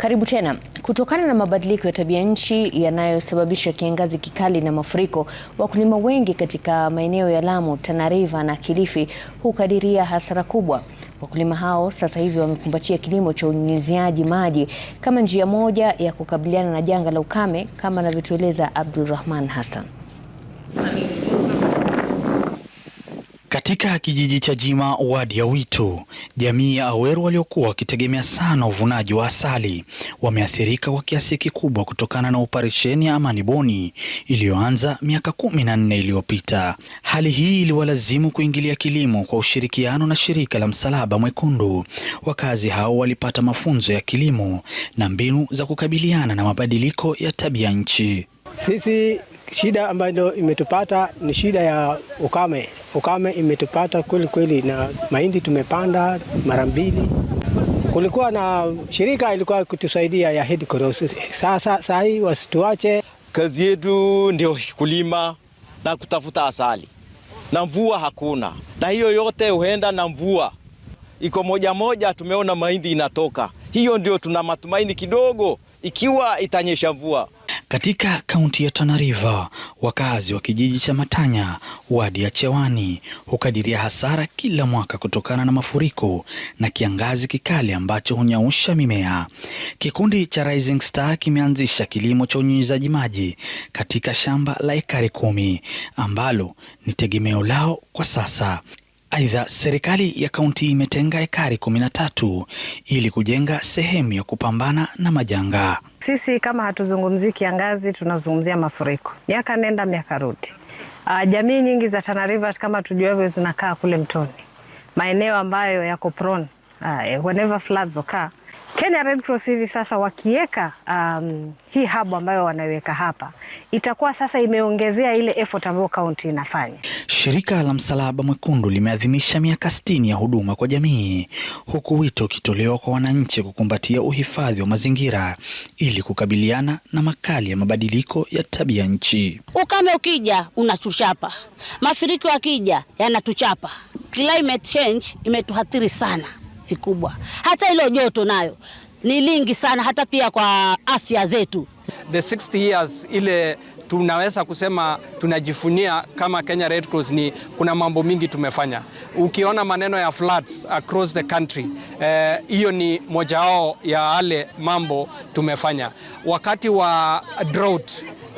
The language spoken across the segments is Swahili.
Karibu tena. Kutokana na mabadiliko ya tabia nchi yanayosababisha kiangazi kikali na mafuriko, wakulima wengi katika maeneo ya Lamu, Tana River na Kilifi hukadiria hasara kubwa. Wakulima hao sasa hivi wamekumbatia kilimo cha unyunyiziaji maji kama njia moja ya kukabiliana na janga la ukame, kama anavyotueleza Abdulrahman Hassan. Katika kijiji cha Jima wadi ya Witu, jamii ya Aweru waliokuwa wakitegemea sana uvunaji wa asali wameathirika kwa kiasi kikubwa kutokana na operesheni ya Amani Boni iliyoanza miaka kumi na nne iliyopita. Hali hii iliwalazimu kuingilia kilimo kwa ushirikiano na shirika la Msalaba Mwekundu. Wakazi hao walipata mafunzo ya kilimo na mbinu za kukabiliana na mabadiliko ya tabia nchi. Sisi shida ambayo imetupata ni shida ya ukame ukame imetupata kweli kweli, na mahindi tumepanda mara mbili. Kulikuwa na shirika ilikuwa kutusaidia ya Red Cross. Sasa saa hii wasituache, kazi yetu ndio kulima na kutafuta asali, na mvua hakuna, na hiyo yote huenda na mvua iko moja moja, tumeona mahindi inatoka. Hiyo ndio tuna matumaini kidogo, ikiwa itanyesha mvua. Katika kaunti ya Tana River, wakazi wa kijiji cha Matanya, wadi ya Chewani, hukadiria hasara kila mwaka kutokana na mafuriko na kiangazi kikali ambacho hunyausha mimea. Kikundi cha Rising Star kimeanzisha kilimo cha unyunyizaji maji katika shamba la ekari kumi ambalo ni tegemeo lao kwa sasa. Aidha, serikali ya kaunti imetenga ekari kumi na tatu ili kujenga sehemu ya kupambana na majanga. Sisi kama hatuzungumzii kiangazi, tunazungumzia mafuriko, miaka nenda miaka rudi. Ah, jamii nyingi za Tana River kama tujuavyo, zinakaa kule mtoni, maeneo ambayo yako prone ah, eh, whenever floods occur na Red Cross hivi sasa wakiweka um, hii hub ambayo wanaiweka hapa itakuwa sasa imeongezea ile effort ambayo kaunti inafanya. Shirika la Msalaba Mwekundu limeadhimisha miaka 60 ya huduma kwa jamii huku wito ukitolewa kwa wananchi kukumbatia uhifadhi wa mazingira ili kukabiliana na makali ya mabadiliko ya tabia nchi. Ukame ukija unatuchapa, mafuriko yakija yanatuchapa. Climate change imetuhathiri sana vikubwa, hata ilo joto nayo ni lingi sana, hata pia kwa afya zetu. The 60 years ile tunaweza kusema tunajifunia kama Kenya Red Cross ni kuna mambo mingi tumefanya. Ukiona maneno ya floods across the country, eh, hiyo eh, ni moja wao ya wale mambo tumefanya wakati wa drought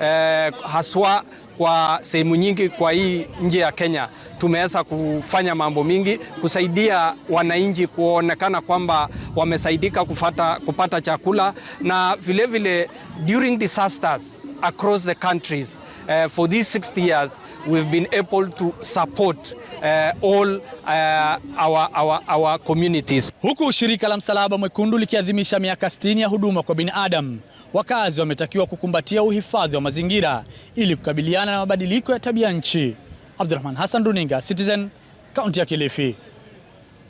eh, haswa kwa sehemu nyingi kwa hii nje ya Kenya tumeweza kufanya mambo mingi kusaidia wananchi kuonekana kwamba wamesaidika kufata, kupata chakula na vilevile vile, during disasters across the countries uh, for these 60 years we've been able to support uh, all uh, our, our, our communities. Huku shirika la Msalaba Mwekundu likiadhimisha miaka 60 ya huduma kwa binadamu, wakazi wametakiwa kukumbatia uhifadhi wa mazingira ili kukabiliana na mabadiliko ya tabia nchi. Abdurrahman Hassan Runinga, Citizen, kaunti ya Kilifi.